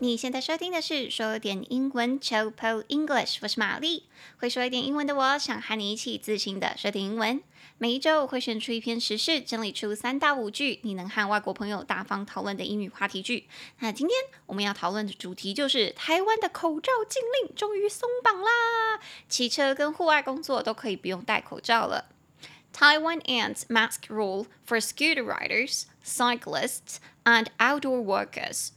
你現在收聽的是說點英文，Chill Pill English。我是瑪麗，會說一點英文的我。我想和你一起自信的說點英文。每一周我會選出一篇時事，整理出三到五句，你能和外國朋友大方討論的英語話題句。那今天我們要討論的主題就是台灣的口罩禁令終於鬆綁啦，騎車跟戶外工作都可以不用戴口罩了。Taiwan ends mask rule for scooter riders, cyclists, and outdoor workers.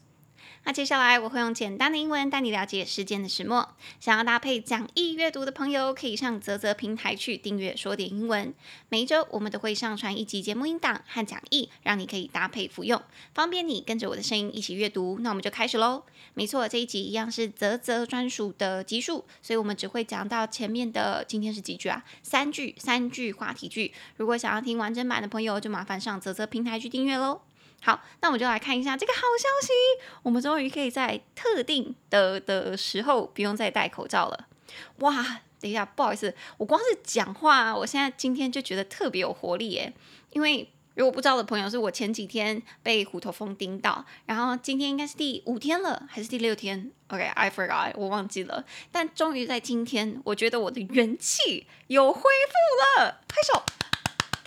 那接下來我會用簡單的英文帶你了解事件的始末。想要搭配講義閱讀的朋友，可以上嘖嘖平台去訂閱“說點英文”。每一周我們都會上傳一集節目音檔和講義，讓你可以搭配服用，方便你跟着我的聲音一起閱讀。那我們就開始嘍。沒錯，這一集一樣是嘖嘖專屬的集數，所以我們只會講到前面的。今天是幾句啊？三句，三句話題句。如果想要聽完整版的朋友，就麻煩上嘖嘖平台去訂閱嘍。好，那我們就來看一下這個好消息，我們終於可以在特定的的，的時候不用再戴口罩了。哇，等一下，不好意思，我光是講話，我現在今天就覺得特別有活力耶。因為如果不知道的朋友，是我前幾天被虎頭蜂叮到，然後今天應該是第五天了，還是第六天？OK，I forgot，我忘記了。但終於在今天，我覺得我的元氣又恢復了，拍手。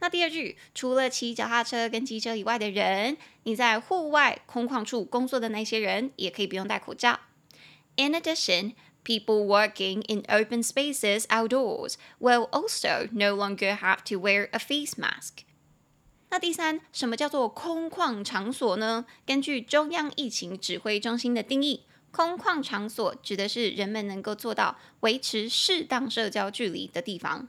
那第二句，除了騎腳踏車跟機車以外的人，你在戶外空曠處工作的那些人，也可以不用戴口罩。In addition, people working in open spaces outdoors will also no longer have to wear a face mask。那第三，什麼叫做空曠場所呢？根據中央疫情指揮中心的定義，空曠場所指的是人們能夠做到維持適當社交距離的地方。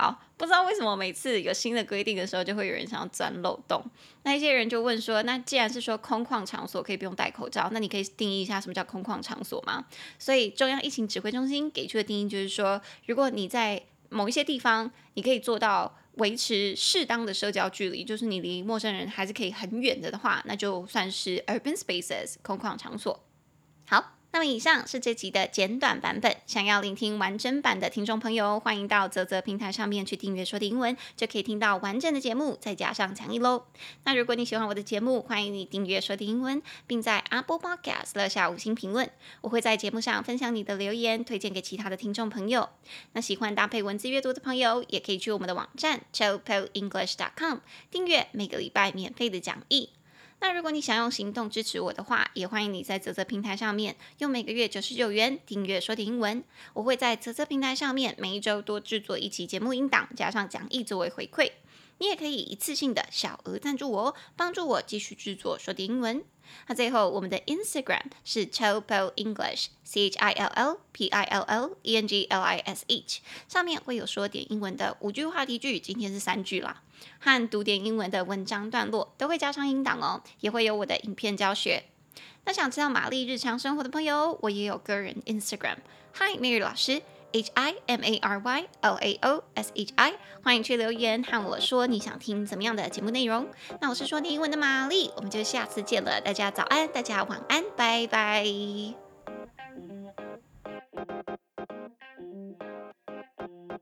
好，不知道為什麼每次有新的規定的時候，就會有人想要鑽漏洞。那一些人就問說，那既然是說空曠場所可以不用戴口罩，那你可以定義一下什麼叫空曠場所嗎？所以中央疫情指揮中心給出的定義就是說，如果你在某一些地方，你可以做到維持適當的社交距離，就是你離陌生人還是可以很遠的的話，那就算是 urban spaces 空曠場所。好。那麼以上是這集的簡短版本。想要聆聽完整版的聽眾朋友，歡迎到嘖嘖平台上面去訂閱說點英文，就可以聽到完整的節目再加上講義嘍。那如果你喜歡我的節目，歡迎你訂閱說點英文，並在 Apple Podcast 留下五星評論，我會在節目上分享你的留言，推薦給其他的聽眾朋友。那喜歡搭配文字閱讀的朋友，也可以去我們的網站 chillpillenglish.com 訂閱每個禮拜免費的講義。那如果你想用行動支持我的話，也歡迎你在嘖嘖平台上面用每個月九十九元訂閱說點英文。我會在嘖嘖平台上面每一周多製作一期節目音檔，加上講義作為回饋。你也可以一次性的小額贊助我哦，幫助我繼續製作說點英文。那、啊、最後，我們的 Instagram 是 Chill Pill English，C H I L L P I L L E N G L I S H，上面會有說點英文的五句話題句，今天是三句啦，和讀點英文的文章段落都會加上音檔哦，也會有我的影片教學。那想知道瑪麗日常生活的朋友，我也有個人 Instagram，Hi Mary 老師。H I M A R Y L A O S H I，歡迎去留言和我說你想聽怎麼樣的節目內容。那我是說點英文的瑪麗，我們就下次見了。大家早安，大家晚安，拜拜。